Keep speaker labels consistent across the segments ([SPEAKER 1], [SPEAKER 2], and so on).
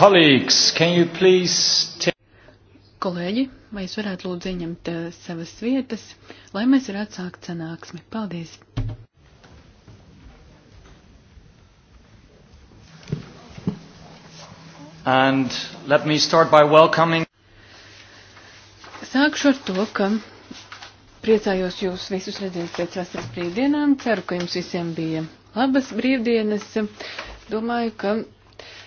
[SPEAKER 1] Colleagues, can you
[SPEAKER 2] please take... Kolēģi, vai jūs varētu lūdzu ieņemt uh, savas vietas, lai mēs varētu sākt sanāksmi? Paldies!
[SPEAKER 1] And let me start by welcoming.
[SPEAKER 2] Sākšu ar to, ka priecājos jūs visus redzēt pēc vasaras brīvdienām. Ceru, ka jums visiem bija labas brīvdienas. Domāju, ka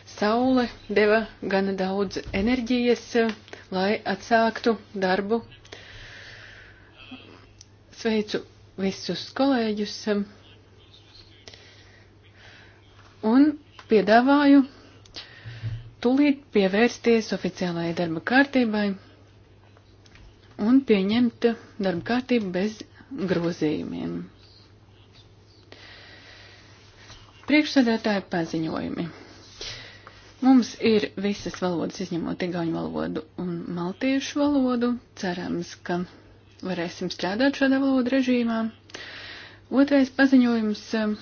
[SPEAKER 2] Saule deva gana daudz enerģijas, eh, lai atsāktu darbu. Sveicu visus kolēģus eh, un piedāvāju tūlīt pievērsties oficiālajai darba kārtībai un pieņemt darba kārtību bez grozījumiem. Priekšsēdētāji paziņojumi. Mums ir visas valodas, izņemot igauņu valodu un maltiešu valodu. Cerams, ka varēsim strādāt šādā valoda režīmā. Otrais paziņojums um,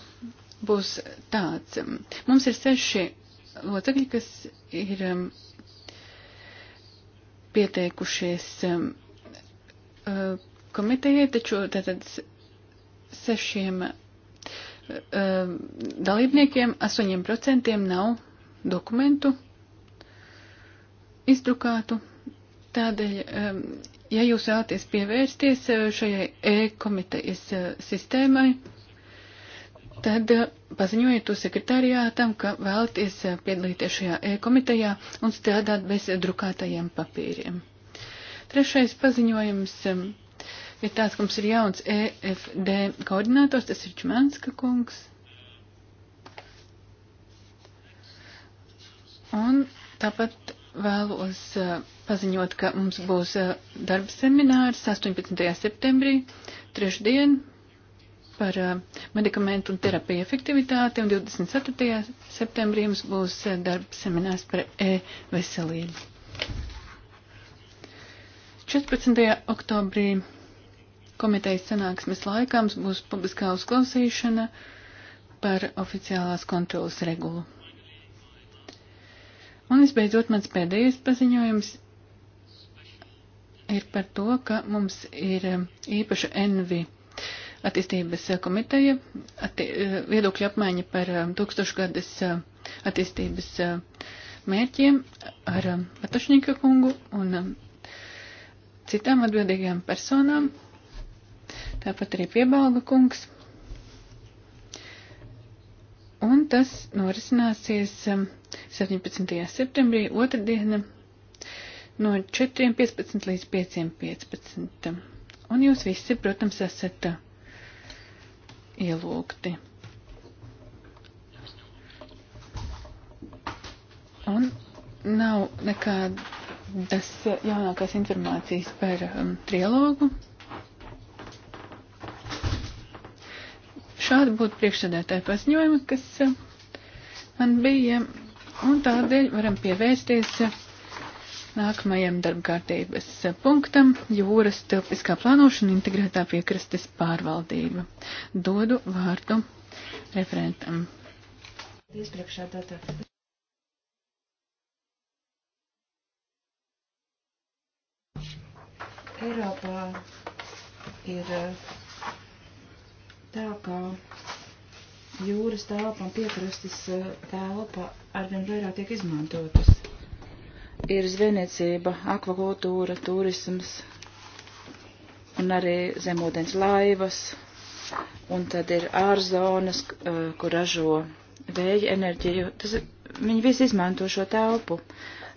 [SPEAKER 2] būs tāds. Um, mums ir seši locekļi, kas ir um, pieteikušies uh, komitejai, taču tātad sešiem uh, dalībniekiem 8% nav dokumentu izdrukātu. Tādēļ, ja jūs vēlaties pievērsties eh, šajai e-komitejas eh, sistēmai, tad eh, paziņojiet to sekretariātam, ka vēlaties piedalīties šajā e-komitejā un strādāt bez drukātajiem papīriem. Trešais paziņojums ir tāds, ka mums ir jauns EFD koordinators, tas ir Čmanska kungs. Un tāpat vēlos eh, paziņot, ka mums būs eh, darba seminārs 18. septembrī, trešdien, par eh, medikamentu un terapiju efektivitāti, un 24. septembrī mums būs darba seminārs par e-veselību. 14. oktobrī komitejas sanāksmes laikā mums būs publiskā uzklausīšana par oficiālās kontrolas regulu. Un visbeidzot, mans pēdējais paziņojums ir par to, ka mums ir um, īpaša envi attīstības uh, komiteja, atti, uh, viedokļa apmaiņa par um, tūkstošgadas uh, attīstības mērķiem ar Patašņika um, kungu un citām atbildīgajām personām. Tāpat arī piebalga kungs un tas norisināsies 17. Um, septembrī, otrdiena no 4.15 līdz 5.15. Un jūs visi, protams, esat uh, ielūgti. Un nav nekādas uh, jaunākās informācijas par um, trilogu. Šādi būtu priekšsēdētāji paziņojumi, kas eh, man bija, un tādēļ varam pievērsties eh, nākamajam darbkārtības eh, punktam - jūras telpiskā plānošana integrētā piekrastes pārvaldība. Dodu vārdu referentam.
[SPEAKER 3] Iespriekšādātā. Eiropā ir uh, tā kā jūras telpa un piekrastes eh, telpa arvien vairāk tiek izmantotas. Ir zvejniecība, akvakultūra, turisms un arī zemūdens laivas, un tad ir ārzonas, eh, kur ražo vēja enerģiju. Tas, viņi visi izmanto šo telpu.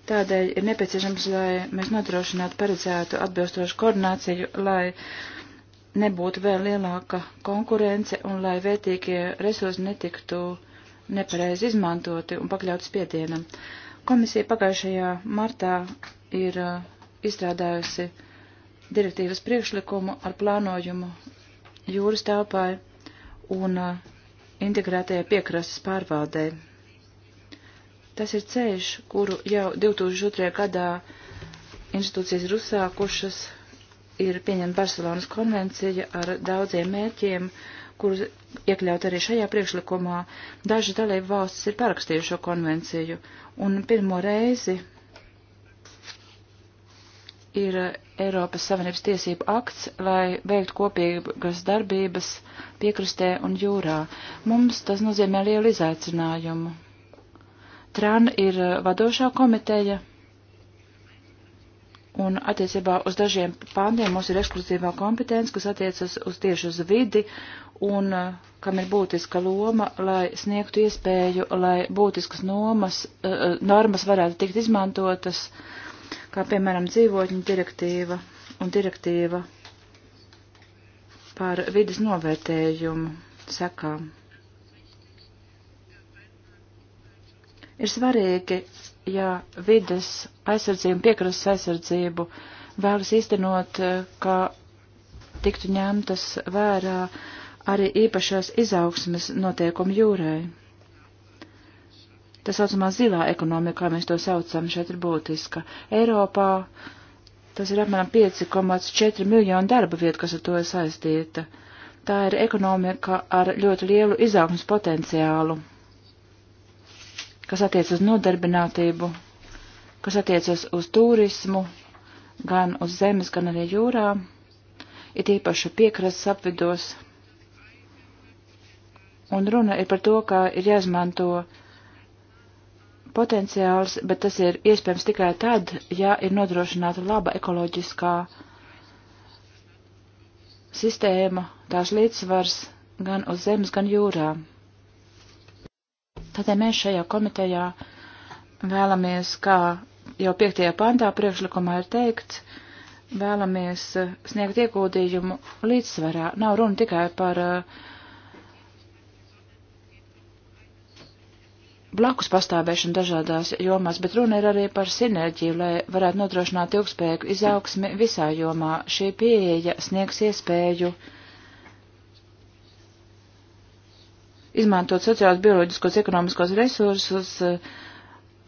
[SPEAKER 3] Tādēļ ir nepieciešams, lai mēs nodrošinātu paredzētu atbilstošu koordināciju, lai uh, nebūtu vēl lielāka konkurence un lai vērtīgie resursi netiktu nepareizi izmantoti un pakļauts spiedienam. Komisija pagājušajā martā ir uh, izstrādājusi direktīvas priekšlikumu ar plānojumu jūras telpai un uh, integrētajai piekrastes pārvaldē. Tas ir ceļš, kuru jau 2002. gadā institūcijas ir uzsākušas ir pieņemta Barcelonas konvencija ar daudziem mērķiem, kurus iekļaut arī šajā priekšlikumā. Daži dalību valstis ir parakstījušo konvenciju, un pirmo reizi ir Eiropas Savienības tiesību akts, lai veiktu kopīgas darbības piekrastē un jūrā. Mums tas nozīmē lielu izaicinājumu. Tran ir vadošā komiteja Un attiecībā uz dažiem pāntiem mums ir ekskluzīvā kompetence, kas attiecas uz tieši uz vidi un eh, kam ir būtiska loma, lai sniegtu iespēju, lai būtiskas nomas, uh, normas varētu tikt izmantotas, kā piemēram dzīvotņu direktīva un direktīva par vidas novērtējumu sekām. Ir svarīgi ja vides aizsardzību, piekrastes aizsardzību vēlas iztenot, eh, ka tiktu ņemtas vērā arī īpašās izaugsmes noteikumi jūrai. Tā saucamā zilā ekonomika, kā mēs to saucam, šeit ir būtiska. Eiropā tas ir apmēram 5,4 miljonu darba vietu, kas ar to ir saistīta. Tā ir ekonomika ar ļoti lielu izaugsmes potenciālu kas attiec uz nodarbinātību, kas attiecas uz turismu, gan uz zemes, gan arī jūrā, ir īpaši piekrastes apvidos. Un runa ir par to, ka ir jāizmanto potenciāls, bet tas ir iespējams tikai tad, ja ir nodrošināta laba ekoloģiskā sistēma, tās līdzsvars gan uz zemes, gan jūrā. Tādēļ mēs šajā komitejā vēlamies, kā jau 5. pantā priekšlikumā ir teikts, vēlamies eh, sniegt ieguldījumu līdzsvarā. Nav runa tikai par eh, blakus pastāvēšanu dažādās jomās, bet runa ir arī par sinerģiju, lai varētu nodrošināt ilgspējīgu izaugsmi visā jomā. Šī pieeja sniegs iespēju. Ja izmantot sociālos, bioloģiskos, ekonomiskos resursus,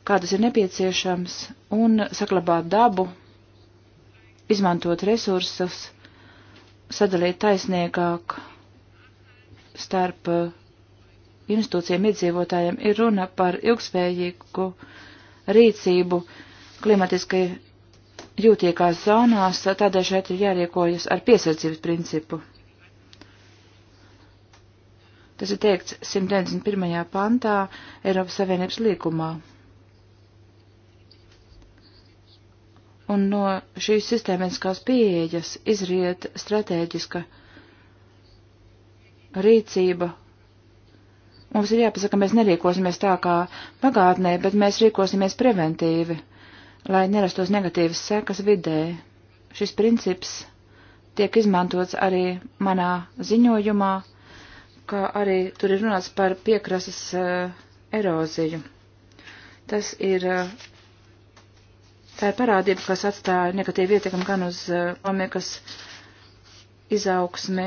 [SPEAKER 3] kādas ir nepieciešams, un saglabāt dabu, izmantot resursus, sadalīt taisnīgāk starp uh, institūcijiem iedzīvotājiem ir runa par ilgspējīgu rīcību klimatiski jūtīgās zonās, tādēļ šeit ir jārīkojas ar piesardzības principu. Tas ir teikts 191. pantā Eiropas Savienības līkumā. Un no šīs sistēmiskās pieejas izriet stratēģiska rīcība. Mums ir jāpasaka, mēs nerīkosimies tā kā pagātnē, bet mēs rīkosimies preventīvi, lai nerastos negatīvas sekas vidē. Šis princips tiek izmantots arī manā ziņojumā kā arī tur ir runāts par piekrasas uh, eh, eroziju. Tas ir, uh, tā ir parādība, kas atstāja negatīvu ietekmi gan uz eh, ekonomikas izaugsmi,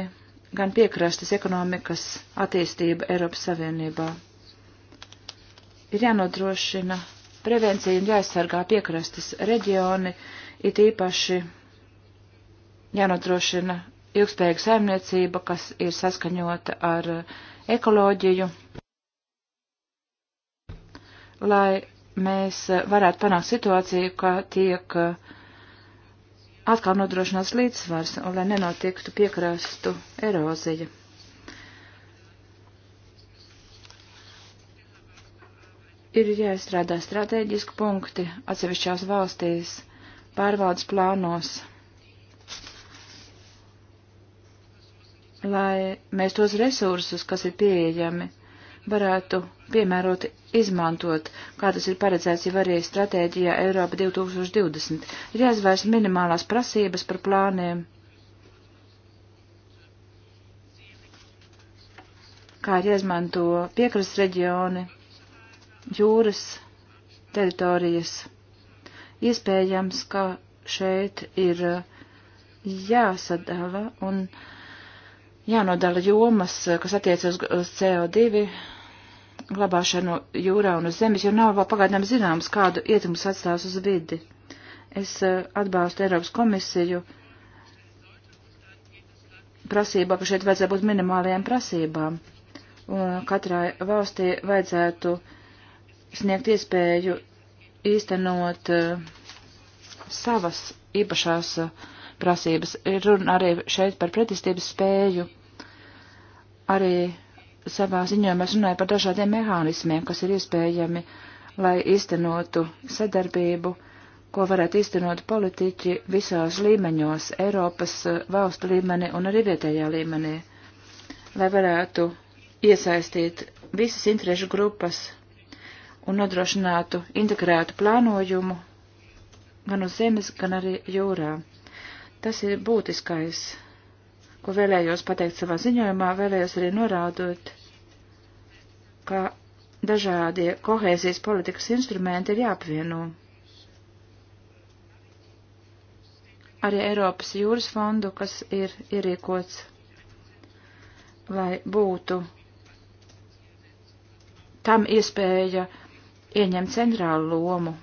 [SPEAKER 3] gan piekrastes ekonomikas attīstību Eiropas Savienībā. Ir jānodrošina prevencija un jāaizsargā piekrastes reģioni, it īpaši jānodrošina ilgspējīga saimniecība, kas ir saskaņota ar ekoloģiju, lai mēs varētu panākt situāciju, ka tiek atkal nodrošināts līdzsvars un lai nenotiektu piekrastu erozija. Ir jāizstrādā strateģiski punkti atsevišķās valstīs, pārvaldes plānos. lai mēs tos resursus, kas ir pieejami, varētu piemērot izmantot, kā tas ir paredzēts jau arī stratēģijā Eiropa 2020. Ir jāizvērs minimālās prasības par plāniem, kā ir jāizmanto piekrasts reģioni, jūras teritorijas. Iespējams, ka šeit ir jāsadala un uh, jānodala jomas, eh, kas attiec uz, uz CO2 glabāšanu jūrā un uz zemes, jo nav vēl pagaidām zināms, kādu ietekmes atstās uz vidi. Es eh, atbalstu Eiropas komisiju prasībā, ka šeit vajadzētu būt minimālajām prasībām. Un katrai valstī vajadzētu sniegt iespēju īstenot eh, savas īpašās prasības. Ir runa arī šeit par pretestības spēju Arī savā ziņojumā es runāju par dažādiem mehānismiem, kas ir iespējami, lai īstenotu sadarbību, ko varētu īstenot politiķi visās līmeņos, Eiropas eh, valstu līmenī un arī vietējā līmenī, lai varētu iesaistīt visas interešu grupas un nodrošinātu integrētu plānojumu gan uz zemes, gan arī jūrā. Tas ir būtiskais ko vēlējos pateikt savā ziņojumā, vēlējos arī norādot, ka dažādie kohēzijas politikas instrumenti ir jāapvieno. Arī Eiropas jūras fondu, kas ir ierīkots, lai būtu tam iespēja ieņemt centrālu lomu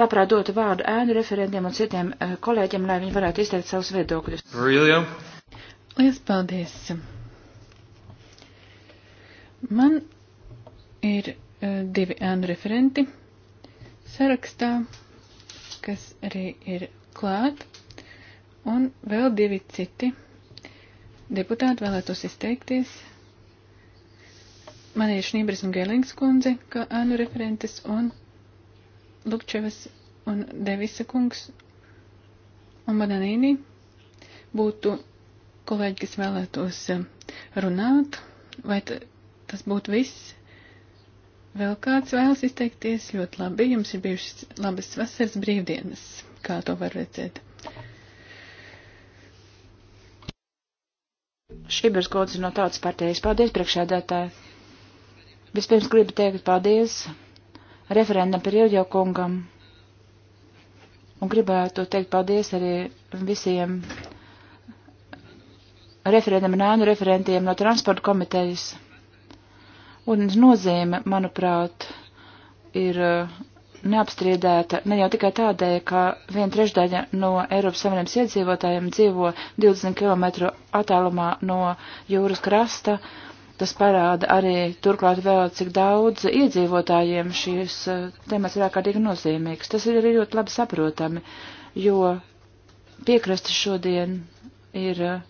[SPEAKER 3] labprāt dotu vārdu ēnu referentiem un citiem eh, kolēģiem, lai viņi varētu izteikt savus viedokļus.
[SPEAKER 2] Really? Lielas paldies! Man ir uh, divi ēnu referenti sarakstā, kas arī ir klāt, un vēl divi citi deputāti vēlētos izteikties. Man ir Šnībris un Gēlings kundze, kā ēnu referentes, un Lukčevas un Devisa kungs un Bananīni būtu kolēģi, kas vēlētos eh, runāt, vai tas būtu viss? Vēl kāds vēlas izteikties ļoti labi, jums ir bijušas labas vasaras brīvdienas, kā to var redzēt.
[SPEAKER 3] Šibers Kodze no Tautas partijas. Paldies, priekšēdētāji! Vispirms gribu teikt paldies referendam par Ilģo kungam. Un gribētu teikt paldies arī visiem referendam un ēnu referentiem no transporta komitejas. Un nozīme, manuprāt, ir uh, neapstrīdēta ne jau tikai tādēļ, ka viena trešdaļa no Eiropas Savienības iedzīvotājiem dzīvo 20 km attālumā no jūras krasta, Tas parāda arī turklāt vēl, cik daudz iedzīvotājiem šīs eh, temats ir ārkārtīgi nozīmīgs. Tas ir arī ļoti labi saprotami, jo piekrastes šodien ir eh,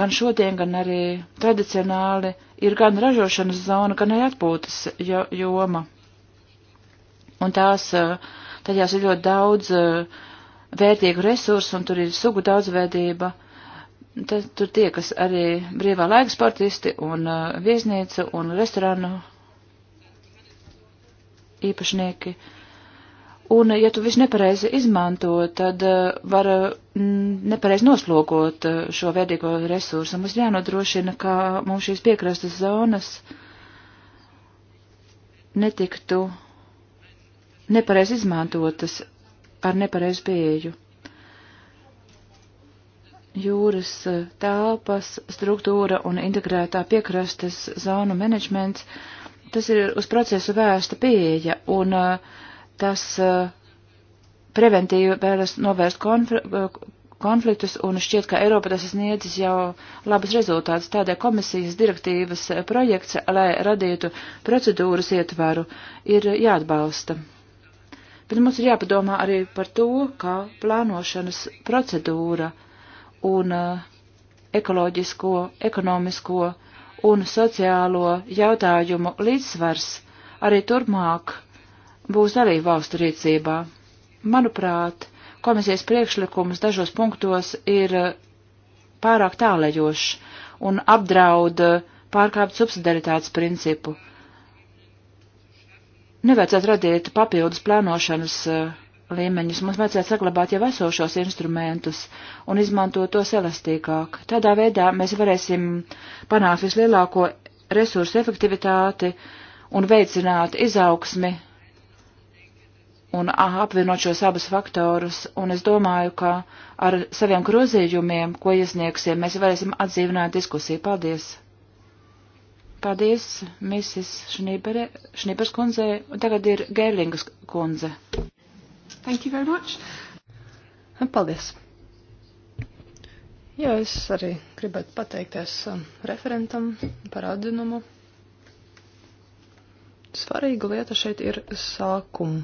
[SPEAKER 3] gan šodien, gan arī tradicionāli ir gan ražošanas zona, gan arī atpūtas joma. Un tās, eh, tajās ir ļoti daudz vērtīgu resursu, un tur ir sugu daudzveidība Tad tur tiekas arī brīvā laika sportisti un uh, viesnīca un restorānu īpašnieki. Un, ja tu visu nepareizi izmanto, tad uh, var mm, nepareizi noslogot uh, šo vērtīgo resursu. Mums jānodrošina, ka mums šīs piekrastes zonas netiktu nepareizi izmantotas ar nepareizu pieeju jūras e, telpas struktūra un integrētā piekrastes zonu menedžments, tas ir uz procesu vērsta pieeja, un e, tas e, preventīvi vēlas novērst konfliktus, un šķiet, ka Eiropa tas sniedzis jau labas rezultātus. Tādēļ komisijas direktīvas projekts, lai radītu procedūras ietvaru, ir jāatbalsta. Bet mums ir jāpadomā arī par to, kā plānošanas procedūra un eh, ekoloģisko, ekonomisko un sociālo jautājumu līdzsvars arī turpmāk būs dalību valstu rīcībā. Manuprāt, komisijas priekšlikums dažos punktos ir eh, pārāk tālējošs un apdraud eh, pārkāpt subsidaritātes principu. Nevajadzētu radīt papildus plānošanas uh, līmeņus. Mums vajadzētu saglabāt jau esošos instrumentus un izmantot tos elastīgāk. Tādā veidā mēs varēsim panākt vislielāko resursu efektivitāti un veicināt izaugsmi un apvienot šos abus faktorus. Un es domāju, ka ar saviem grozījumiem, ko iesniegsim, mēs varēsim atdzīvināt diskusiju. Paldies! Paldies, Mrs. Šnipers kundzei, un tagad ir Gērlingas kundze.
[SPEAKER 1] Thank you very much. Paldies. Jā, es arī gribētu pateikties um, referentam par atzinumu. Svarīga lieta šeit ir sākuma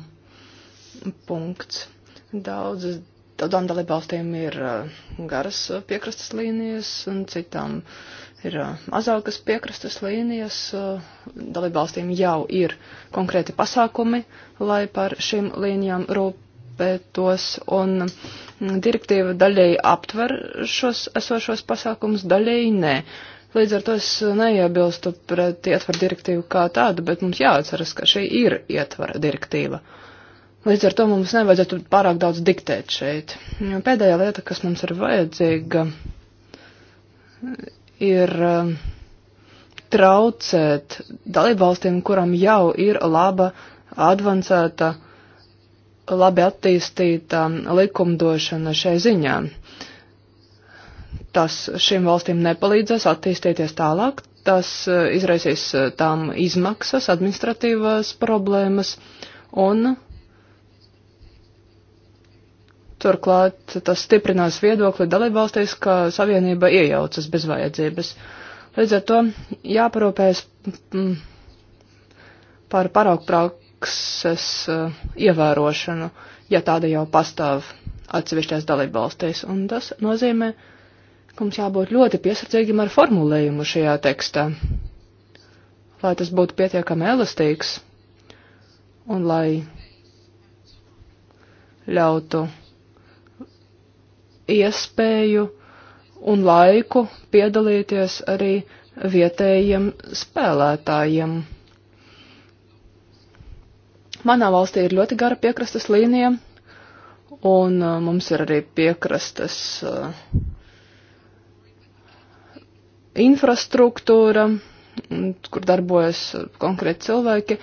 [SPEAKER 1] punkts. Daudzas Tādām dalībvalstīm ir uh, garas piekrastes līnijas, un citām ir uh, mazākas piekrastes līnijas. Uh, dalībvalstīm jau ir konkrēti pasākumi, lai par šīm līnijām rūp jāpētos, un direktīva daļēji aptver šos esošos pasākumus, daļēji nē. Līdz ar to es neiebilstu pret ietvaru direktīvu kā tādu, bet mums jāatceras, ka šī ir ietvara direktīva. Līdz ar to mums nevajadzētu pārāk daudz diktēt šeit. Jo pēdējā lieta, kas mums ir vajadzīga, ir um, traucēt dalībvalstīm, kuram jau ir laba, advancēta uh, labi attīstīta likumdošana šai ziņā. Tas šīm valstīm nepalīdzēs attīstīties tālāk, tas e, izraisīs e, tām izmaksas, administratīvās problēmas un turklāt tas stiprinās viedokli dalībvalstīs, ka savienība iejaucas bez vajadzības. Līdz ar to jāparūpēs par paraugu prakses eh, ievērošanu, ja tāda jau pastāv atsevišķās dalībvalstīs. Un tas nozīmē, ka mums jābūt ļoti piesardzīgiem ar formulējumu šajā tekstā, lai tas būtu pietiekami elastīgs un lai ļautu iespēju un laiku piedalīties arī vietējiem spēlētājiem. Manā valstī ir ļoti gara piekrastes līnija, un uh, mums ir arī piekrastes uh, infrastruktūra, kur darbojas uh, konkrēti cilvēki.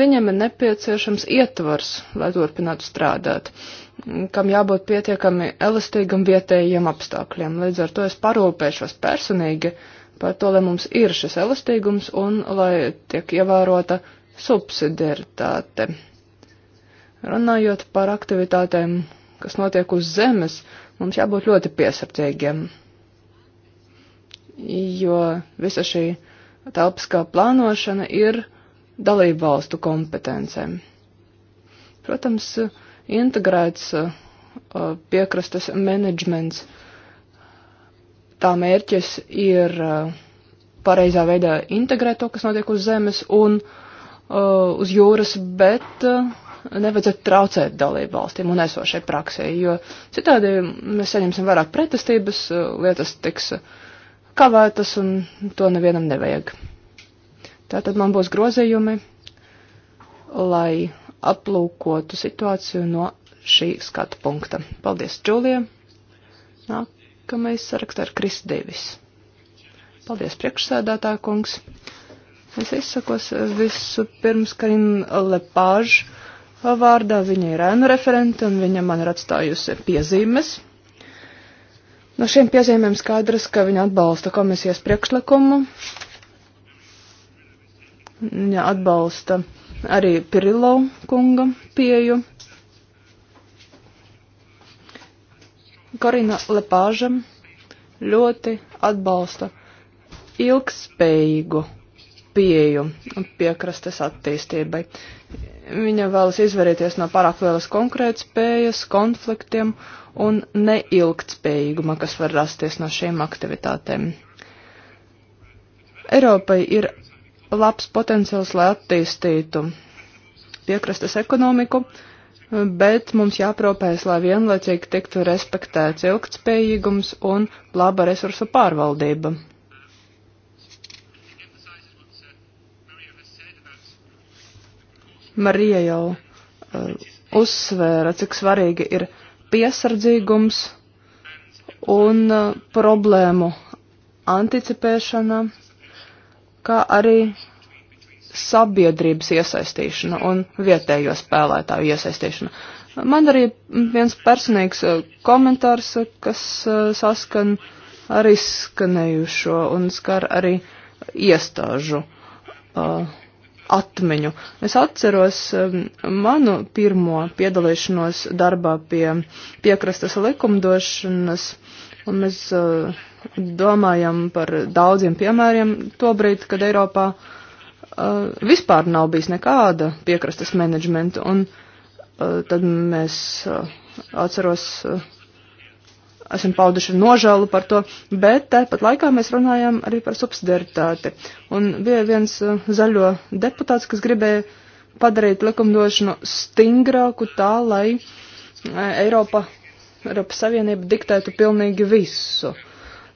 [SPEAKER 1] Viņam ir nepieciešams ietvars, lai turpinātu strādāt, kam jābūt pietiekami elastīgam vietējiem apstākļiem. Līdz ar to es parūpēšos personīgi par to, lai mums ir šis elastīgums un lai tiek ievērota uh, subsidiaritāte. Runājot par aktivitātēm, kas notiek uz zemes, mums jābūt ļoti piesardzīgiem, jo visa šī telpiskā plānošana ir dalību valstu kompetencēm. Protams, integrēts uh, piekrastes menedžments. Tā mērķis ir uh, pareizā veidā integrēt to, kas notiek uz zemes, un uh, Uh, uz jūras, bet uh, nevajadzētu traucēt dalību valstīm un esošai praksē, jo citādi mēs saņemsim vairāk pretestības, uh, lietas tiks kavētas un to nevienam nevajag. Tātad man būs grozījumi, lai aplūkotu situāciju no šī skatu punkta. Paldies, Džulija. Nākamais sarakstā ir Kris Devis. Paldies, priekšsēdētā kungs. Es izsakos visu pirms Karina Lepāža vārdā. Viņa ir ēnu referente un viņa man ir atstājusi piezīmes. No šiem piezīmēm skaidrs, ka viņa atbalsta komisijas priekšlikumu. Viņa atbalsta arī Pirilo kunga pieju. Korina Lepāža ļoti atbalsta ilgspējīgu pieju piekrastes attīstībai. Viņa vēlas izvairīties no pārāk lielas konkrētspējas, konfliktiem un neilgtspējīguma, kas var rasties no šiem aktivitātēm. Eiropai ir labs potenciāls, lai attīstītu piekrastes ekonomiku, bet mums jāpropēs, lai vienlaicīgi tiktu respektēts ilgtspējīgums un laba resursu pārvaldība. Marija jau uh, uzsvēra, cik svarīgi ir piesardzīgums un uh, problēmu anticipēšana, kā arī sabiedrības iesaistīšana un vietējo spēlētāju iesaistīšana. Man arī viens personīgs eh, komentārs, kas saskan ar izskanējušo un skar arī iestāžu uh, atmiņu. Es atceros um, manu pirmo piedalīšanos darbā pie piekrastas likumdošanas, un mēs uh, domājam par daudziem piemēriem tobrīd, kad Eiropā uh, vispār nav bijis nekāda piekrastas menedžmenta, un uh, tad mēs atceros esam pauduši nožēlu par to, bet tāpat laikā mēs runājam arī par subsidiaritāti. Un bija viens uh, zaļo deputāts, kas gribēja padarīt likumdošanu stingrāku tā, lai uh, Eiropa, Eiropas Savienība diktētu pilnīgi visu.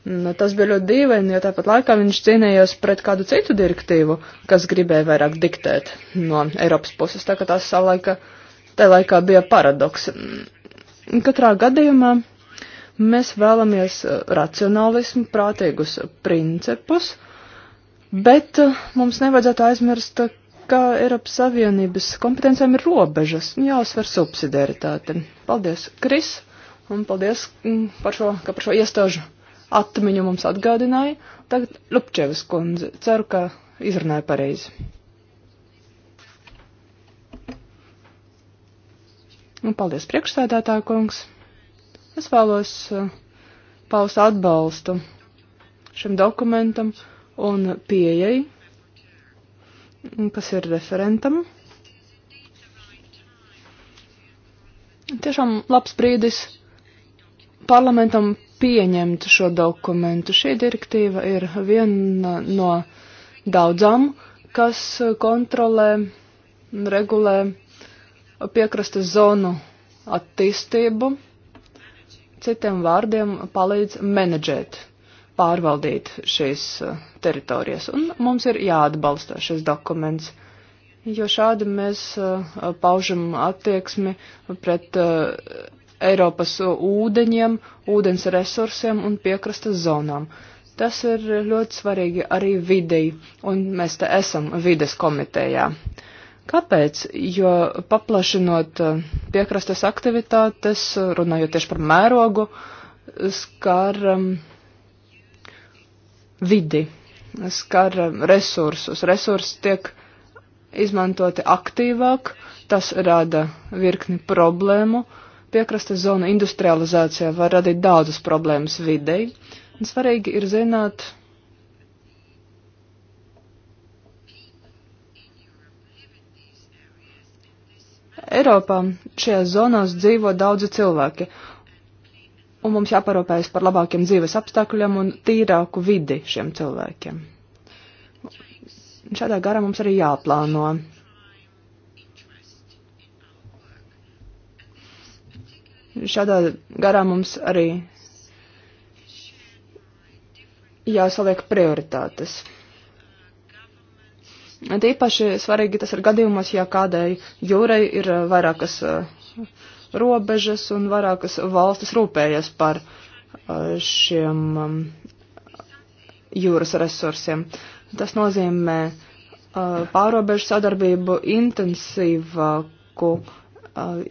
[SPEAKER 1] Nu, tas bija ļoti dīvaini, jo tāpat laikā viņš cīnījās pret kādu citu direktīvu, kas gribēja vairāk diktēt no Eiropas puses, tā ka tas savulaika, te laikā bija paradoks. Katrā gadījumā Mēs vēlamies uh, racionālismu, prātīgus principus, bet uh, mums nevajadzētu aizmirst, uh, ka Eiropas Savienības kompetencijām ir robežas un jāuzsver subsidiaritāte. Paldies, Kris, un paldies, mm, par šo, ka par šo iestāžu atmiņu mums atgādināja. Tagad Lupčevas kundze, ceru, ka izrunāju pareizi. Un paldies priekšstādātā kungs. Es vēlos eh, paust atbalstu šim dokumentam un pieejai, kas ir referentam. Tiešām labs brīdis parlamentam pieņemt šo dokumentu. Šī direktīva ir viena no daudzām, kas kontrolē, regulē piekrastes zonu attīstību citiem vārdiem palīdz menedžēt, pārvaldīt šīs e, teritorijas. Un mums ir jāatbalsta šis dokuments, jo šādi mēs e, paužam attieksmi pret e, Eiropas ūdeņiem, ūdens resursiem un piekrastas zonām. Tas ir ļoti svarīgi arī videi, un mēs te esam vides komitejā. Uh, Kāpēc? Jo paplašinot eh, piekrastes aktivitātes, runājot tieši par mērogu, skar um, vidi, skar ehm, resursus. Resursi tiek izmantoti aktīvāk, tas rada virkni problēmu. Piekrastes zona industrializācijā var radīt daudzas problēmas videi. Un svarīgi ir zināt, Eiropā šajās zonās dzīvo daudzi cilvēki, un mums jāparūpējas par labākiem dzīves apstākļiem un tīrāku vidi šiem cilvēkiem. Un šādā garā mums arī jāplāno. Šādā garā mums arī jāsaliek prioritātes. Tīpaši svarīgi tas ir gadījumos, ja kādai jūrai ir eh, vairākas eh, robežas un vairākas valstis rūpējas par eh, šiem jūras resursiem. Tas nozīmē pārobežu sadarbību, intensīvāku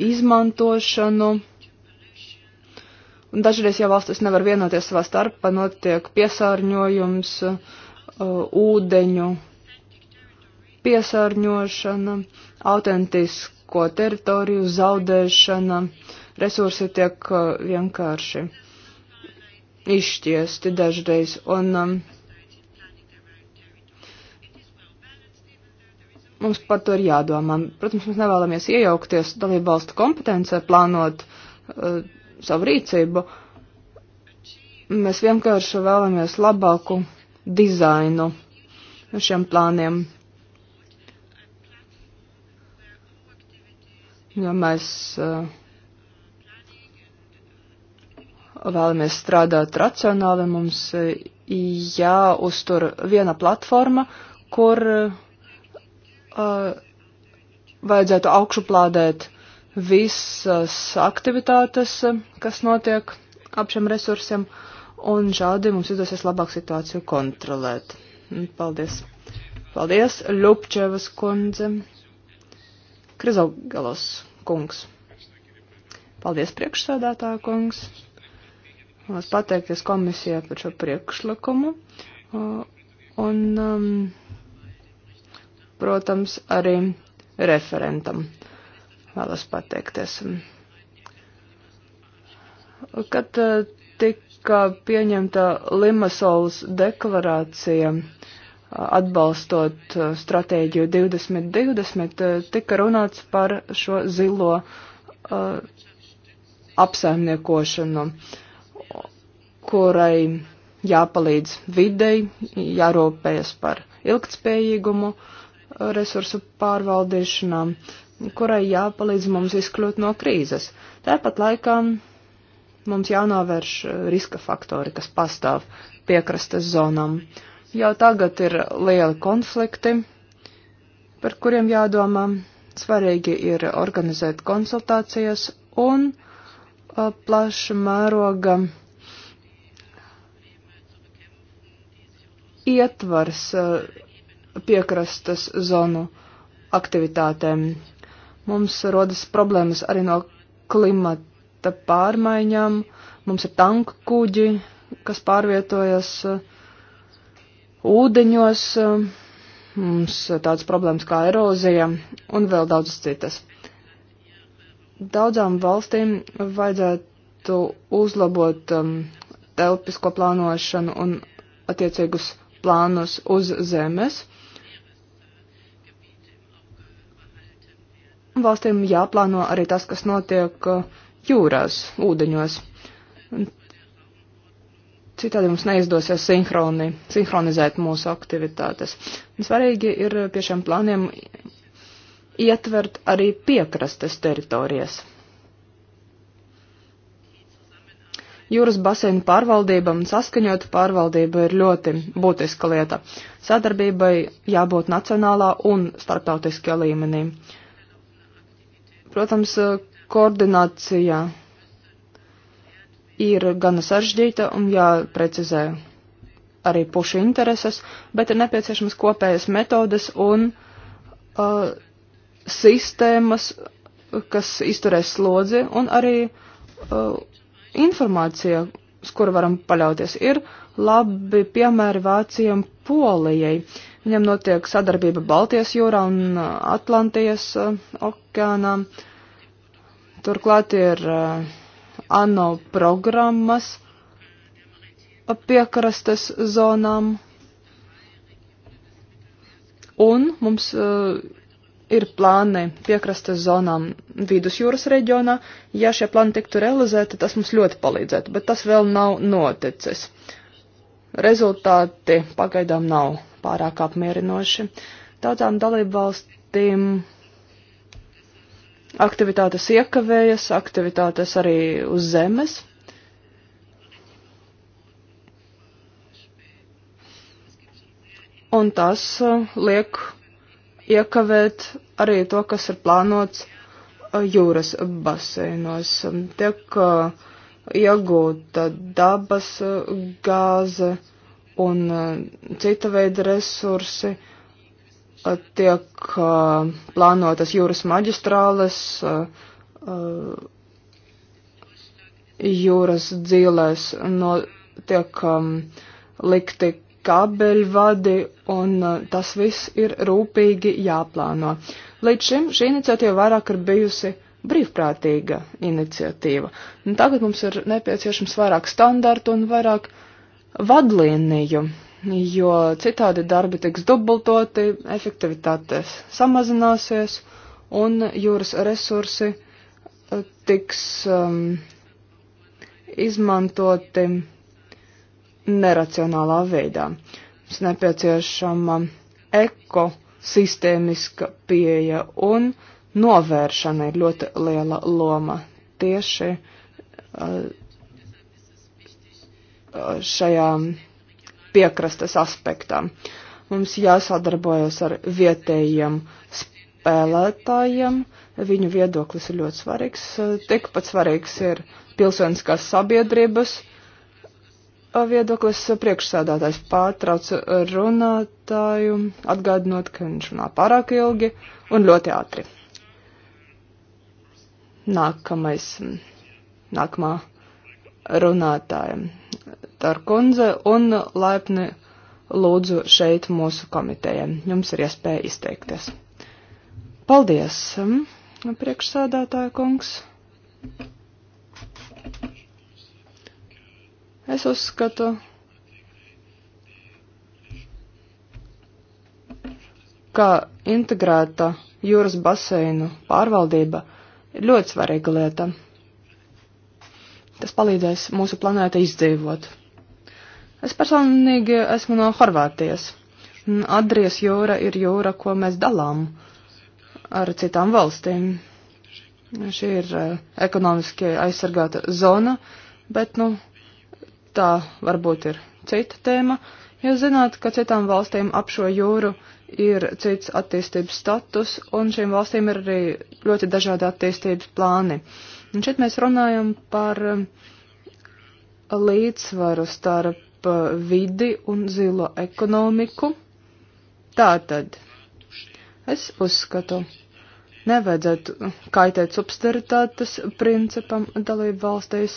[SPEAKER 1] izmantošanu. Un dažreiz, ja valstis nevar vienoties savā starpā, notiek piesārņojums, ūdeņu piesārņošana, autentisko teritoriju zaudēšana, resursi tiek uh, vienkārši izšķiesti dažreiz. Un, um, Mums par to ir jādomā. Protams, mēs nevēlamies iejaukties dalību valstu kompetencē, plānot uh, savu rīcību. Mēs vienkārši vēlamies labāku dizainu šiem plāniem jo mēs eh, vēlamies strādāt racionāli, mums eh, jāuztur viena platforma, kur eh, vajadzētu augšuplādēt visas aktivitātes, kas notiek ap šiem resursiem, un šādi mums izdosies labāk situāciju kontrolēt. Paldies! Paldies, Ļupčevas kundze! Krizaugalos kungs. Paldies priekšsēdētā kungs. Es pateikties komisijā par šo priekšlikumu. Un, um, protams, arī referentam vēlas pateikties. Kad uh, tika pieņemta Limasols deklarācija, uh, atbalstot uh, stratēģiju 2020, uh, tika runāts par šo zilo uh, apsaimniekošanu, kurai jāpalīdz videi, jārūpējas par ilgtspējīgumu uh, resursu pārvaldīšanām, kurai jāpalīdz mums izkļūt no krīzes. Tāpat laikā mums jānovērš riska faktori, kas pastāv piekrastes zonām. Uh, Jau tagad ir lieli konflikti, par kuriem jādomā. Svarīgi ir organizēt konsultācijas un uh, plaša mēroga ietvars uh, piekrastas zonu aktivitātēm. Mums rodas problēmas arī no klimata pārmaiņām, mums ir tanku kuģi, kas pārvietojas uh, ūdeņos, e, mums tādas problēmas kā erozija un vēl daudzas citas. Daudzām valstīm vajadzētu uzlabot um, telpisko plānošanu un attiecīgus plānus uz zemes. Valstīm jāplāno arī tas, kas notiek e, jūrās, ūdeņos. Citādi mums neizdosies sinhroni, sinhronizēt mūsu aktivitātes. Un svarīgi ir pie šiem plāniem ietvert arī piekrastes teritorijas. Jūras basēna pārvaldība un saskaņota pārvaldība ir ļoti būtiska lieta. Sadarbībai jābūt nacionālā un starptautiskajā līmenī. Protams, koordinācija ir gana saržģīta un jāprecizē arī pušu intereses, bet ir nepieciešamas kopējas metodes un uh, sistēmas, kas izturēs slodzi un arī uh, informācija, uz kuru varam paļauties. Ir labi piemēri Vācijam Polijai. Viņam notiek sadarbība Baltijas jūrā un uh, Atlantijas uh, okeānā. Turklāt ir uh, ANO programmas piekrastes zonām. Un mums uh, ir plāni piekrastes zonām vidusjūras reģionā. Ja šie plāni tiktu realizēti, tas mums ļoti palīdzētu, bet tas vēl nav noticis. Rezultāti pagaidām nav pārāk apmierinoši. Tādām dalību valstīm aktivitātes iekavējas, aktivitātes arī uz zemes. Un tas uh, liek iekavēt arī to, kas ir plānots uh, jūras baseinos. Um, tiek uh, iegūta dabas gāze un cita veida resursi tiek plānotas jūras maģistrāles, jūras dzīlēs no, tiek likti kabeļvadi, un tas viss ir rūpīgi jāplāno. Līdz šim šī iniciatīva vairāk ir bijusi brīvprātīga iniciatīva. Un tagad mums ir nepieciešams vairāk standartu un vairāk vadlīniju jo citādi darbi tiks dubultoti, efektivitāte samazināsies un jūras resursi eh, tiks um, izmantoti neracionālā veidā. Mums nepieciešama ekosistēmiska pieeja un novēršana ir ļoti liela loma tieši uh, šajā piekrastes aspektam. Mums jāsadarbojas ar vietējiem spēlētājiem, viņu viedoklis ir ļoti svarīgs. Tikpat svarīgs ir pilsoniskās sabiedrības viedoklis priekšsēdātājs pārtrauc runātāju, atgādinot, ka viņš runā pārāk ilgi un ļoti ātri. Nākamais, nākamā runātājiem. Tarkundze un laipni lūdzu šeit mūsu komitejai. Jums ir iespēja izteikties. Paldies, mm, priekšsādātāja kungs. Es uzskatu, ka integrēta jūras baseinu pārvaldība ir ļoti svarīga lieta. Tas palīdzēs mūsu planētai izdzīvot. Es personīgi esmu no Horvātijas. Adrijas jūra ir jūra, ko mēs dalām ar citām valstīm. Šī ir e, ekonomiski aizsargāta zona, bet, nu, tā varbūt ir cita tēma. Jūs zināt, ka citām valstīm ap šo jūru ir cits attīstības status, un šīm valstīm ir arī ļoti dažādi attīstības plāni. Uh, Un šeit mēs runājam par eh, līdzsvaru starp eh, vidi un zilo ekonomiku. Tātad, es uzskatu, nevajadzētu kaitēt subsidiaritātes principam dalību valstīs,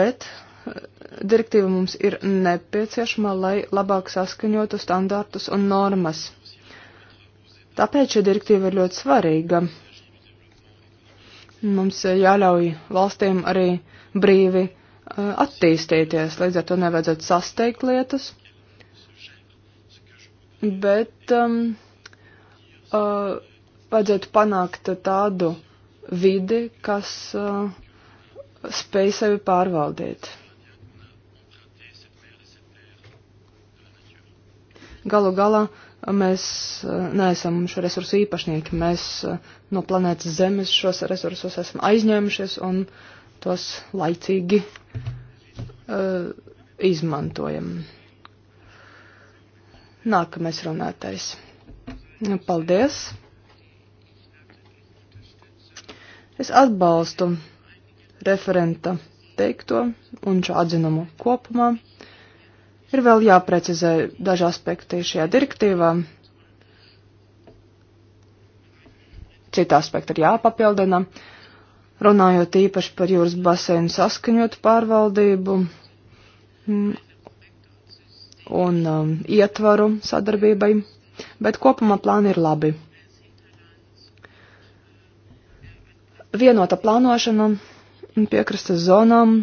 [SPEAKER 1] bet eh, direktīva mums ir nepieciešama, lai labāk saskaņotu standārtus un normas. Tāpēc šī direktīva ir ļoti svarīga Mums eh, jāļauj valstīm arī brīvi eh, attīstīties, līdz ar to nevajadzētu sasteigt lietas. Bet um, uh, vajadzētu panākt tādu vidi, kas uh, spēj sevi pārvaldīt. Galu galā uh, Mēs eh, neesam šo resursu īpašnieki, mēs eh, no planētas Zemes šos resursus esam aizņēmušies un tos laicīgi uh, izmantojam. Nākamais runātais. Paldies! Es atbalstu referenta teikto un šo atzinumu kopumā. Ir vēl jāprecizē daži aspekti šajā direktīvā. Citi aspekti ir jāpapildina, runājot īpaši par jūras basēnu saskaņotu pārvaldību un um, ietvaru sadarbībai, bet kopumā plāni ir labi. Vienota plānošana piekrastes zonām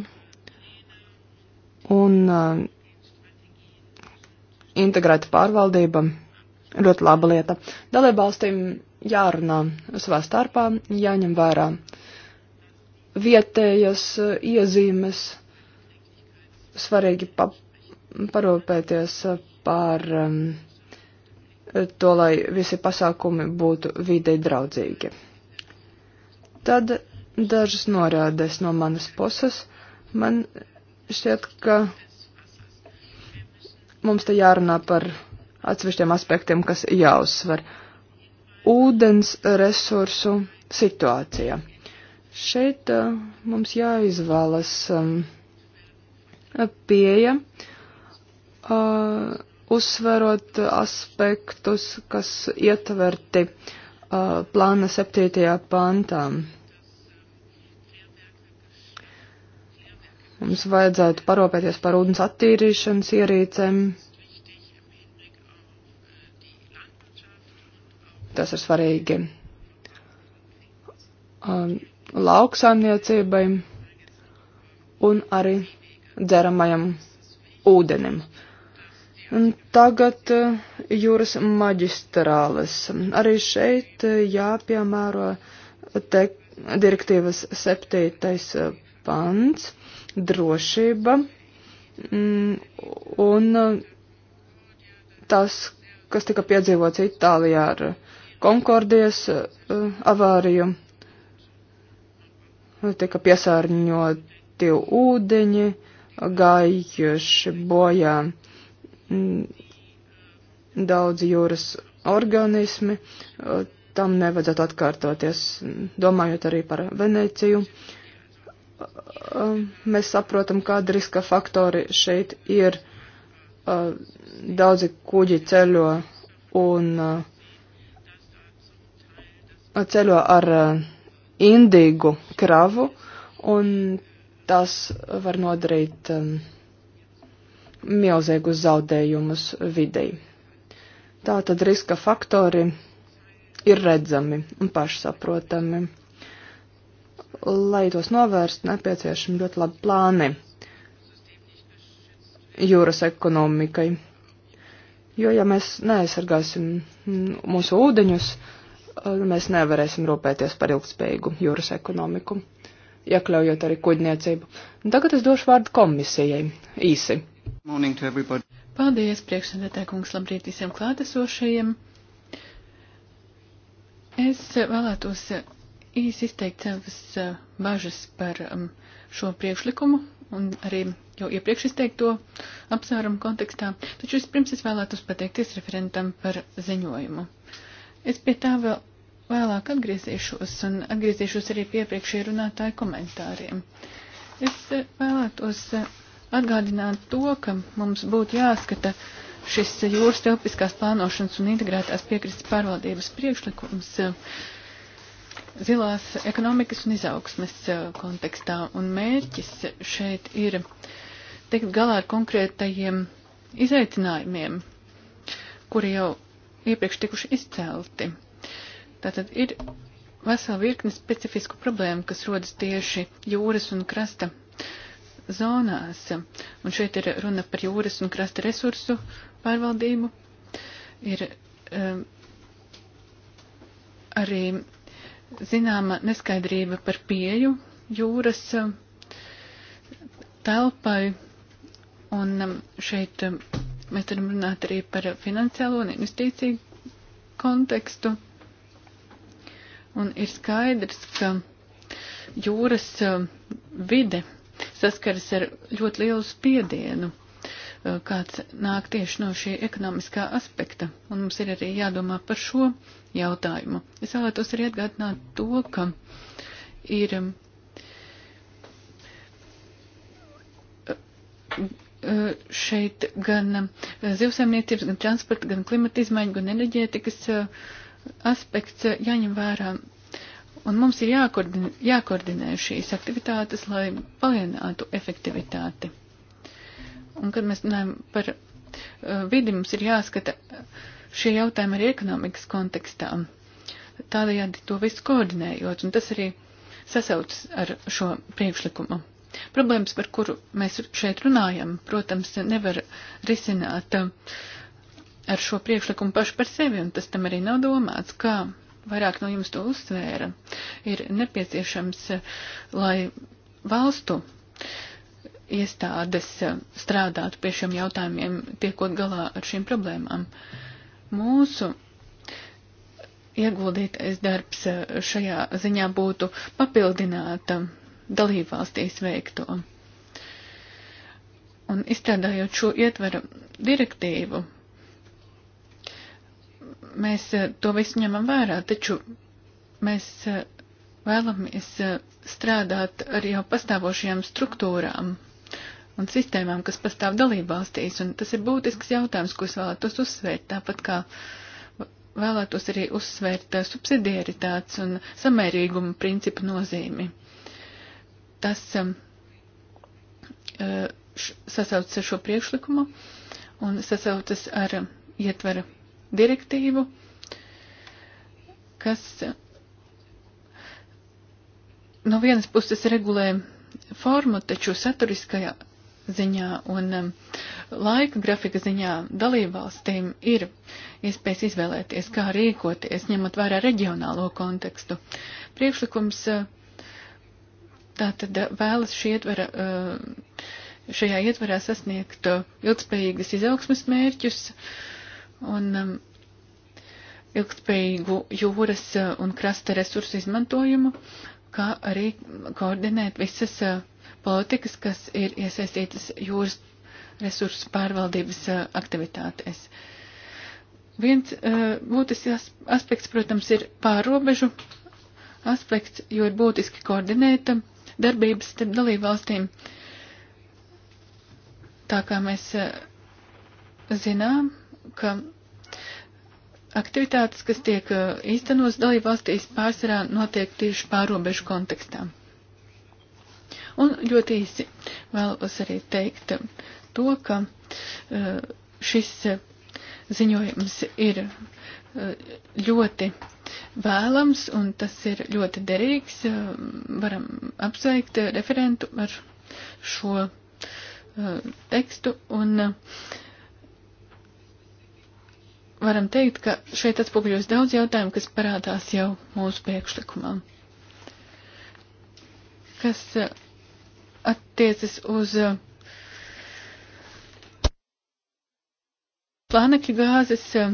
[SPEAKER 1] un uh, integrēta pārvaldība ļoti laba lieta. Dalībvalstīm jārunā savā starpā, jāņem vērā vietējas iezīmes, svarīgi pa, parūpēties par um, to, lai visi pasākumi būtu videi draudzīgi. Tad dažas norādes no manas puses. Man šķiet, ka mums te jārunā par atsevišķiem aspektiem, kas jāuzsver. Ūdens resursu situācija. Šeit uh, mums jāizvēlas um, pieeja, uh, uzsverot aspektus, kas ietverti uh, plāna septītajā pantā. Uh, Mums vajadzētu paropēties par ūdens attīrīšanas ierīcēm. Tas ir svarīgi. Um, Lauksaimniecībai un arī dzeramajam ūdenim. Un tagad uh, jūras maģistrāles. Arī šeit uh, jāpiemēro te direktīvas septītais uh, pants - drošība mm, un mm, tas, kas tika piedzīvots Itālijā ar Konkordijas eh, avāriju. Tika piesārņoti ūdeņi, gājuši bojā mm, daudzi jūras organismi. Eh, tam nevajadzētu atkārtoties, domājot arī par Venēciju. Uh, Eh, mēs saprotam, kāda riska faktori šeit ir. Eh, daudzi kuģi ceļo un eh, ceļo ar indīgu kravu, un tas var nodarīt milzīgus zaudējumus videi. Tātad riska faktori ir redzami un pašsaprotami lai tos novērst, nepieciešami ļoti labi plāni jūras ekonomikai. Jo, ja mēs neaizsargāsim mūsu ūdeņus, eh, mēs nevarēsim rūpēties par ilgspējīgu jūras ekonomiku, iekļaujot arī kuģniecību. Un tagad es došu vārdu komisijai īsi.
[SPEAKER 2] Paldies, priekšsēdētāj kungs, labrīt visiem klātesošajiem. Es vēlētos īsi izteikt savas eh, bažas par um, šo priekšlikumu un arī jau iepriekš izteikto apsvērumu kontekstā, taču vispirms es vēlētos pateikties referentam par ziņojumu. Es pie tā vēl vēlāk atgriezīšos un atgriezīšos arī pie iepriekšējā runātāja komentāriem. Es eh, vēlētos eh, atgādināt to, ka mums būtu jāskata šis jūras telpiskās plānošanas un integrētās piekrastes pārvaldības priekšlikums zilās ekonomikas un izaugsmes uh, kontekstā. Un mērķis šeit ir tikt galā ar konkrētajiem izaicinājumiem, kuri jau iepriekš tikuši izcelti. Tātad ir vesela virkne specifisku problēmu, kas rodas tieši jūras un krasta zonās. Un šeit ir runa par jūras un krasta resursu pārvaldību. Ir um, arī zināma neskaidrība par pieju jūras eh, telpai, un eh, šeit eh, mēs varam runāt arī par finansiālo un investīciju kontekstu. Un ir skaidrs, ka jūras vide saskaras ar ļoti lielu spiedienu Eh, kāds nāk tieši no šī ekonomiskā aspekta, un mums ir arī jādomā par šo jautājumu. Es vēlētos arī atgādināt to, ka ir eh, eh, šeit gan zivsaimniecības, gan transporta, gan klimata izmaiņu, gan enerģētikas aspekts jāņem vērā. Un mums ir jākoordinē, jākoordinē šīs aktivitātes, lai palienātu efektivitāti. Un, kad mēs runājam par eh, vidi, mums ir jāskata eh, šie jautājumi arī ekonomikas kontekstā. Tādējādi to visu koordinējot, un tas arī sasaucas ar šo priekšlikumu. Problēmas, par kuru mēs šeit runājam, protams, nevar risināt eh, ar šo priekšlikumu pašu par sevi, un tas tam arī nav domāts, kā vairāk no jums to uzsvēra. Ir nepieciešams, lai valstu uh, iestādes eh, strādātu pie šiem jautājumiem, tiekot galā ar šīm problēmām. Mūsu ieguldītais darbs eh, šajā ziņā būtu papildināta eh, dalībvalstīs veikto. Un izstrādājot šo ietveru direktīvu, mēs to visu ņemam vērā, taču mēs vēlamies strādāt ar jau pastāvošajām struktūrām un sistēmām, kas pastāv dalībvalstīs, un tas ir būtisks jautājums, ko es vēlētos uzsvērt, tāpat kā vēlētos arī uzsvērt uh, subsidiaritātes un samērīguma principu nozīmi. Tas um, uh, sasaucas ar šo priekšlikumu un sasaucas ar um, ietvera direktīvu, kas uh, no vienas puses regulē formu, taču saturiskajā ziņā un um, laika grafika ziņā dalībvalstīm ir iespējas izvēlēties, kā rīkoties, ņemot vērā reģionālo kontekstu. Priekšlikums uh, tātad uh, vēlas šī ietvera, uh, šajā ietverā sasniegt ilgspējīgas izaugsmas mērķus un um, ilgspējīgu jūras un krasta resursu izmantojumu, kā arī koordinēt visas uh, politikas, kas ir iesaistītas jūras resursu pārvaldības uh, aktivitātēs. Viens uh, būtisks aspekts, protams, ir pārobežu aspekts, jo ir būtiski koordinēta um, darbības starp dalībvalstīm. Tā kā mēs uh, zinām, ka aktivitātes, kas tiek īstenos dalībvalstīs, pārsvarā notiek tieši pārobežu kontekstām. Un ļoti īsi vēlos arī teikt to, ka e, šis ziņojums ir e, ļoti vēlams un tas ir ļoti derīgs. E, varam apsveikt referentu ar šo tekstu un varam teikt, ka šeit atspoguļos daudz jautājumu, kas parādās jau mūsu priekšlikumā. Kas attiecas uz uh, plānekļa gāzes uh,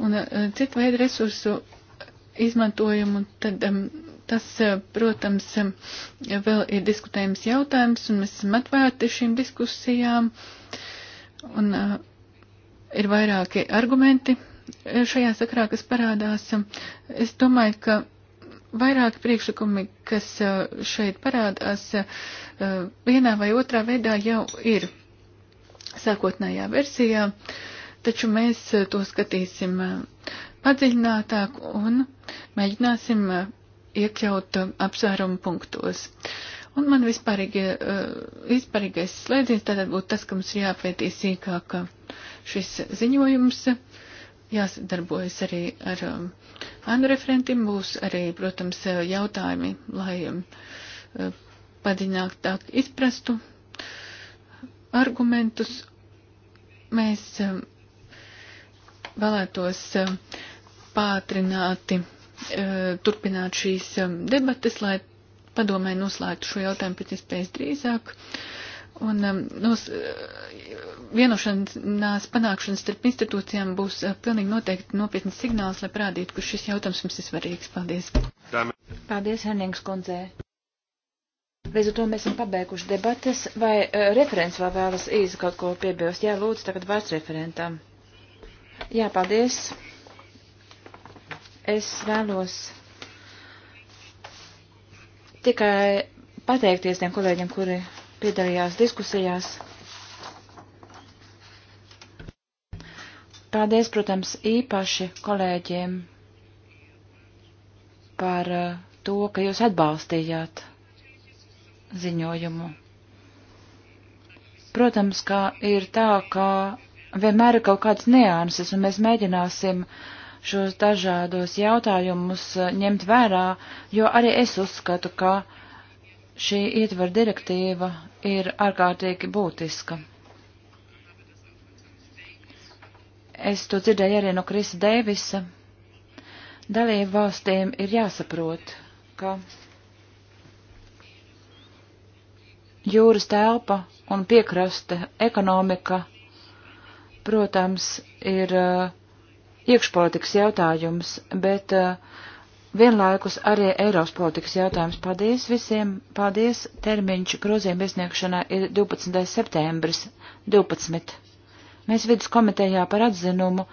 [SPEAKER 2] un uh, citu veidu resursu izmantojumu, tad um, tas, protams, um, vēl ir diskutējums jautājums, un mēs esam atvērti šīm diskusijām, un uh, ir vairāki argumenti šajā sakrā, kas parādās. Es domāju, ka vairāk priekšlikumi, kas uh, šeit parādās, uh, vienā vai otrā veidā jau ir sākotnējā versijā, taču mēs uh, to skatīsim padziļinātāk un mēģināsim iekļaut apsvērumu punktos. Un man vispārīgi, vispārīgais slēdziens tātad būtu tas, ka mums ir jāpētī sīkāk šis ziņojums. Uh, jāsadarbojas arī ar um, ANU referentiem. Būs arī, protams, uh, jautājumi, lai um, uh, padziļinātāk izprastu argumentus. Mēs um, vēlētos um, pātrināti uh, turpināt šīs um, debates, lai padomē noslēgtu šo jautājumu pēc iespējas drīzāk. Uh, Un um, nos, uh, vienošanās panākšanas starp institūcijām būs uh, pilnīgi noteikti nopietnas signāls, lai parādītu, ka šis jautājums mums ir svarīgs. Paldies. Paldies, Hennings kundzē.
[SPEAKER 3] Līdz ar to mēs esam pabeiguši debates. Vai uh, referents vēl vēlas īsi kaut ko piebilst? Jā, lūdzu, tagad vārds referentam. Jā, paldies. Es vēlos tikai pateikties tiem kolēģiem, kuri piedalījās diskusijās. Paldies, protams, īpaši kolēģiem par uh, to, ka jūs atbalstījāt ziņojumu. Protams, ka ir tā, ka vienmēr ir kaut kāds neanses, un mēs mēģināsim šos dažādos jautājumus uh, ņemt vērā, jo arī es uzskatu, ka šī ietver direktīva ir ārkārtīgi būtiska. Es to dzirdēju arī no Krisa Deivisa. Dalību valstīm ir jāsaprot, ka jūras telpa un piekraste ekonomika, protams, ir uh, iekšpolitikas jautājums, bet uh, vienlaikus arī Eiropas politikas jautājums. Paldies visiem, paldies, termiņš grozījuma iesniegšanā ir 12. septembris 12. Mēs vidus komitejā par atzinumu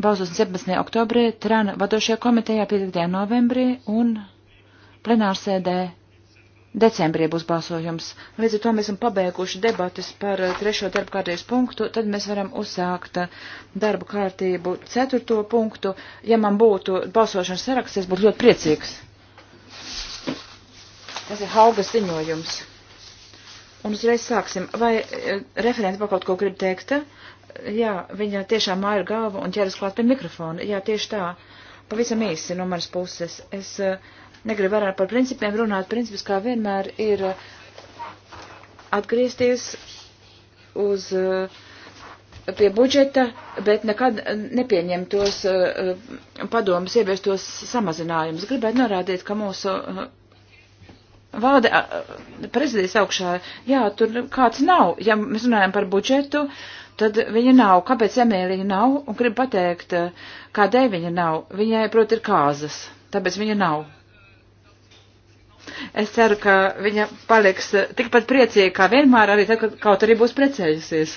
[SPEAKER 3] balsosim 17. oktobrī, Trana vadošajā komitejā 5. novembrī un plenārsēdē decembrī būs balsojums. Līdz ar to mēs esam pabeiguši debatas par eh, trešo darba kārtības punktu, tad mēs varam uzsākt eh, darba kārtību ceturto punktu. Ja man būtu balsošanas saraksts, es būtu ļoti priecīgs. Tas ir Haugas ziņojums. Un uzreiz sāksim. Vai eh, referenti par kaut ko grib teikt? Jā, viņa tiešām māja ir galva un ķeras klāt pie mikrofona. Jā, tieši tā. Pavisam īsi no manas puses. Es uh, negribu vairāk par principiem runāt. Princips kā vienmēr ir eh, atgriezties uz eh, pie budžeta, bet nekad nepieņem tos eh, padomus ieviestos samazinājumus. Gribētu norādīt, ka mūsu valde prezidijas augšā, jā, tur kāds nav. Ja mēs runājam par budžetu, tad viņa nav. Kāpēc Emīlija nav? Un gribu pateikt, kādēļ viņa nav. Viņai, protams, ir kāzas, tāpēc viņa nav. Es ceru, ka viņa paliks eh, tikpat priecīga kā vienmēr, arī tad, kad kaut arī būs precējusies.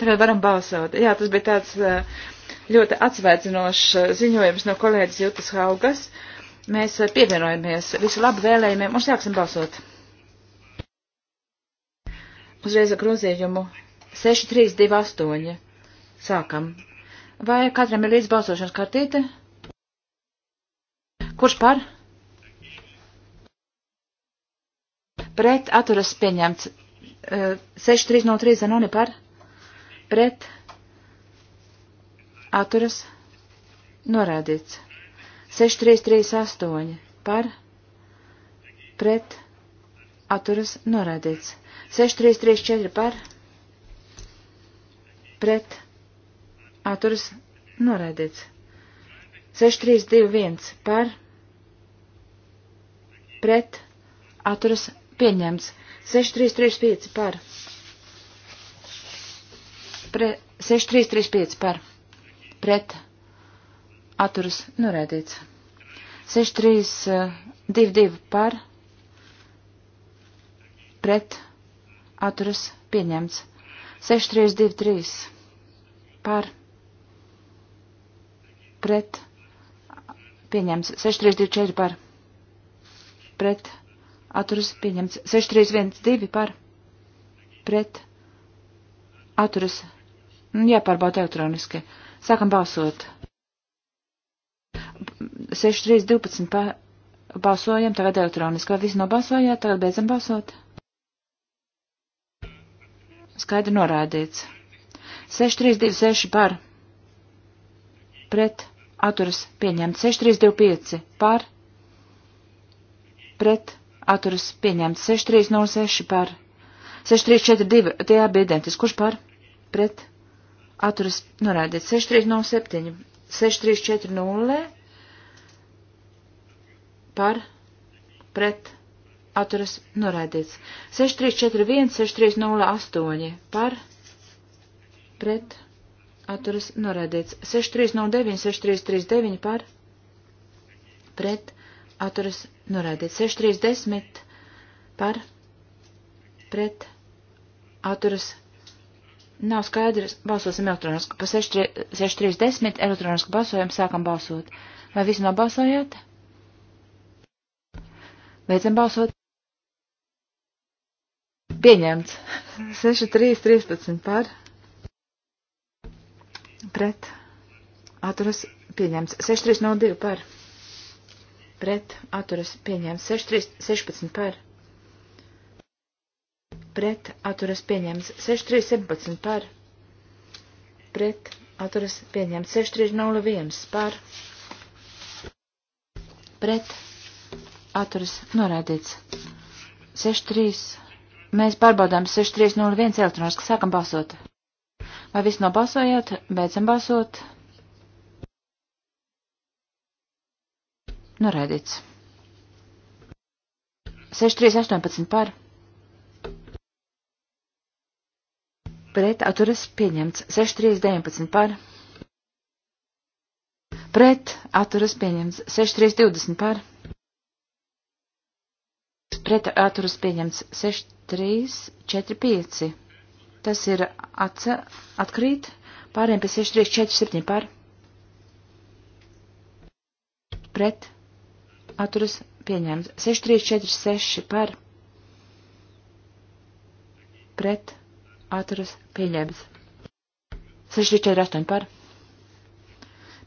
[SPEAKER 3] Tagad varam balsot. Jā, tas bija tāds eh, ļoti atsveicinošs eh, ziņojums no kolēģis Jūtas Haugas. Mēs pievienojamies visu labu vēlējumiem. Mums jāksim balsot. Uzreiz ar grozījumu 6328. Sākam. Vai katram ir līdz balsošanas kartīte? Kurš par? pret atturas pieņemts. 6303 Zanoni par pret atturas norādīts. 6338 par pret atturas norādīts. 6334 par pret atturas norādīts. 6321 par pret atturas norādīts Pieņemts. 6335 par. Pre, 6335 par. Pret. Atturas norēdīts. 6322 eh, par. Pret. Atturas pieņemts. 6323 par. Pret. Pieņemts. 6324 par. Pret atturas pieņemts. 6312 par pret atturas mm, jāpārbauda elektroniski. Sākam balsot. 6312 par balsojam, tagad elektroniski. Vai visi nobalsojāt, tagad beidzam balsot? Skaidri norādīts. 6326 par pret atturas pieņemts. 6325 par pret atturas pieņemts 6306 par 6342, tie abi identiski, kurš par pret atturas norādīts 6307, 6340 par pret atturas norādīts 6341, 6308 par pret atturas norādīts 6309, 6339 par pret atturas norādīts. 630 par pret atturas nav skaidrs. Balsosim elektroniski. Pa 630 elektroniski balsojam, sākam balsot. Vai visi nobalsojāt? Beidzam balsot. Pieņemts. 6, 3, 13 par. Pret. Atturas pieņemts. 6, 3, 0, 2 par pret atturas pieņēmts 16 par, pret atturas pieņēmts 6317 par, pret atturas pieņēmts 6301 par, pret atturas norādīts 63. Mēs pārbaudām 6301 elektronisku, sākam balsot. Vai viss nobalsojāt? Beidzam balsot. Noraidīts. Nu, 6318 par. Pret atturas pieņemts. 6319 par. Pret atturas pieņemts. 6320 par. Pret atturas pieņemts. 6345. Tas ir atce, atkrīt. Pārējiem pie 6347 par. Pret pret atturas pieņemts. 6346 par pret atturas pieņemts. 6348 par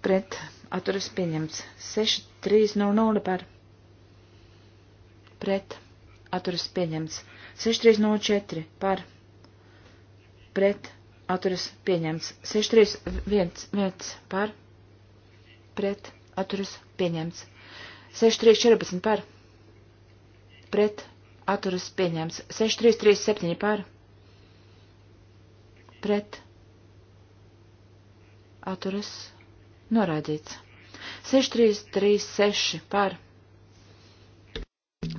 [SPEAKER 3] pret atturas pieņemts. 6300 par pret atturas pieņemts. 6304 par pret atturas pieņemts. 6311 par pret atturas pieņemts. 6314 par. Pret. Atturas pieņemts. 6337 par. Pret. Atturas. Noraidīts. 6336 par.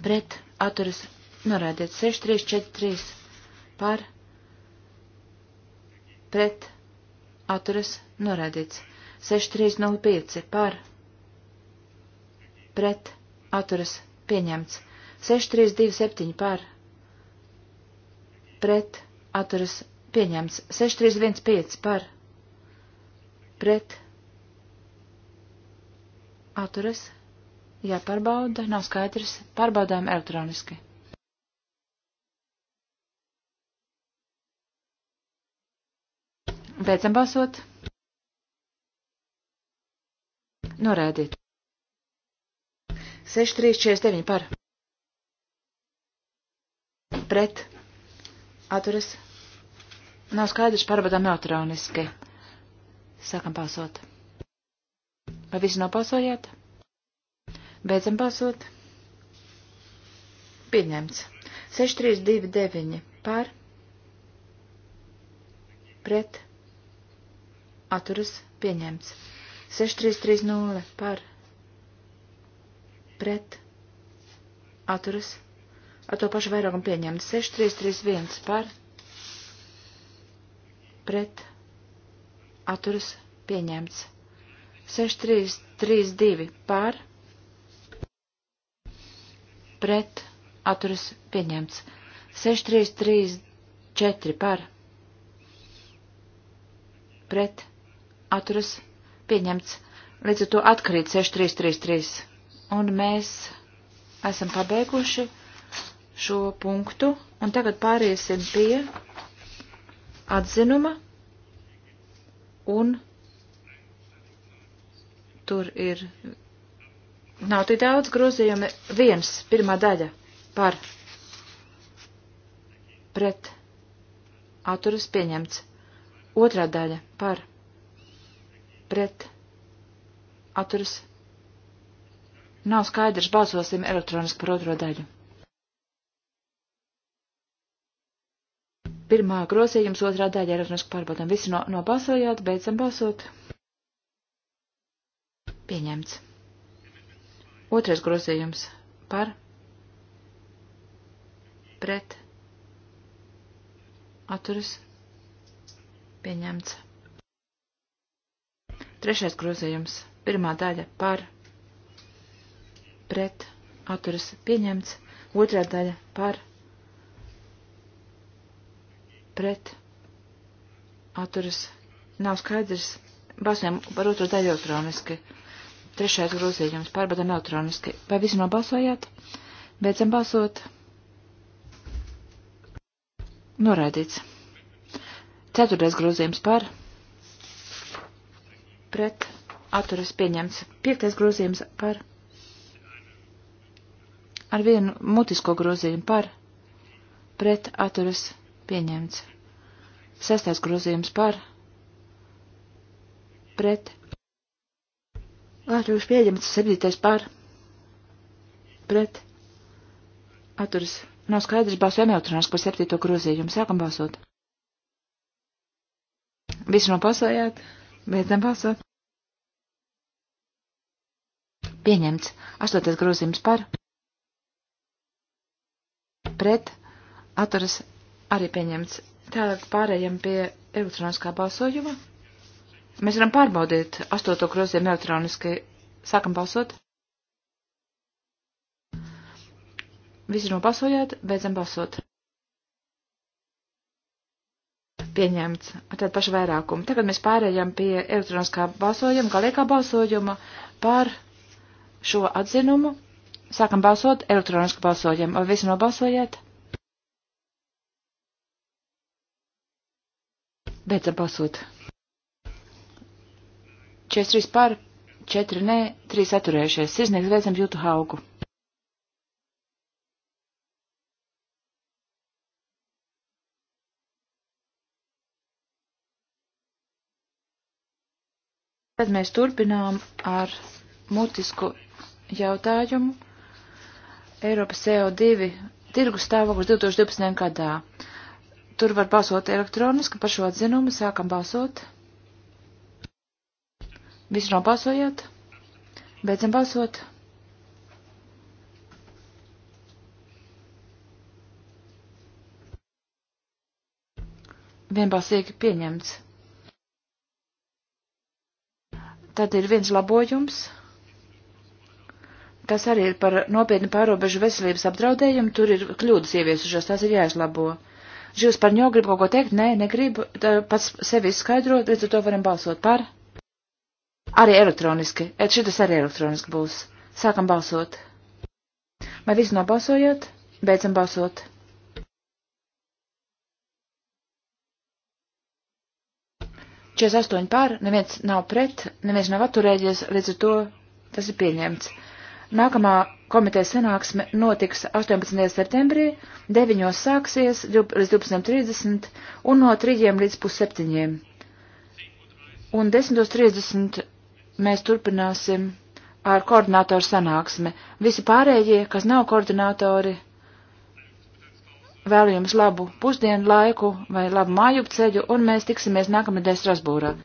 [SPEAKER 3] Pret. Atturas. Noraidīts. 6343 par. Pret. Atturas. Noraidīts. 6305 par pret, atturas, pieņemts. 6327 par, pret, atturas, pieņemts. 6315 par, pret, atturas, jāpārbauda, nav skaidrs, pārbaudām elektroniski. Beidzam balsot. Norēdīt. 6349 par. Pret. Atturas. Nav skaidrs, pārbaudām elektroniski. Sākam balsot. Vai visi nopalsojāt? Beidzam balsot. Pieņemts. 6329 par. Pret. Atturas. Pieņemts. 6330 par pret, atturas, ar to pašu vairākumu pieņemts. 6331 par, pret, atturas, pieņemts. 6332 par, pret, atturas, pieņemts. 6334 par, pret, atturas, pieņemts. Līdz ar to atkrīt 6333 un mēs esam pabeiguši šo punktu, un tagad pāriesim pie atzinuma, un tur ir, nav tik daudz grozījumi, viens, pirmā daļa par pret atturas pieņemts, otrā daļa par pret atturas pieņemts Nav skaidrs, balsosim elektroniski par otro daļu. Pirmā grozījums, otrā daļa elektroniski pārbaudām. Visi no, nobalsojāt, beidzam balsot. Pieņemts. Otrais grozījums par pret atturas pieņemts. Trešais grozījums, pirmā daļa par pret pret atturas pieņemts, otrā daļa par pret atturas nav skaidrs, balsojam par otro daļu elektroniski, trešais grozījums pārbaudām elektroniski. Vai visi nobalsojāt? Beidzam balsot. Noraidīts. Ceturtais grozījums par pret atturas pieņemts. Piektais grozījums par pret ar vienu mutisko grozījumu par pret atturas pieņemts. Sestais grozījums par pret atturas pieņemts. Septītais par pret atturas. Nav skaidrs, balsojam elektroniski par septīto grozījumu. Sākam balsot. Visi nopasējāt, beidzam balsot. Pieņemts. Astotais grozījums par pret atturas arī pieņemts. Tālāk pārējiem pie elektroniskā balsojuma. Mēs varam pārbaudīt astoto grozījumu elektroniski. Sākam balsot. Visi nobalsojāt, beidzam balsot. Pieņemts ar tādu pašu vairākumu. Tagad mēs pārējām pie elektroniskā balsojuma, galīgā balsojuma par šo atzinumu. Sākam balsot, elektroniski balsojam. Vai visi nobalsojiet? Beidzam balsot. 43 par, 4 nē, 3 atturējušies. Sirsnieks veicam jūtu haugu. Tad mēs turpinām ar mutisku jautājumu Eiropas CO2 tirgus stāvoklis 2012. gadā. Tur var balsot elektroniski par šo atzinumu. Sākam balsot. Visi nobalsojāt. Beidzam balsot. vienbalsīgi pieņemts. Tad ir viens labojums. Tas arī ir par nopietnu pārobežu veselības apdraudējumu, tur ir kļūdas ieviesušās, tās ir jāizlabo. Žils par ņo grib kaut ko teikt? Nē, negribu pats sevi izskaidrot, līdz ar to varam balsot par. Arī elektroniski. Et šitas arī elektroniski būs. Sākam balsot. Vai visi nobalsojāt? Beidzam balsot. Čies astoņi pār, neviens nav pret, neviens nav atturējies, līdz ar to tas ir pieņemts. Nākamā komitejas sanāksme notiks 18. septembrī, 9. sāksies līdz 12.30 un no 3. līdz pusseptiņiem. Un 10.30 mēs turpināsim ar koordinātoru sanāksmi. Visi pārējie, kas nav koordinātori, vēlu jums labu pusdienu laiku vai labu mājup ceļu, un mēs tiksimies nākamnedēļ Strasbūrā.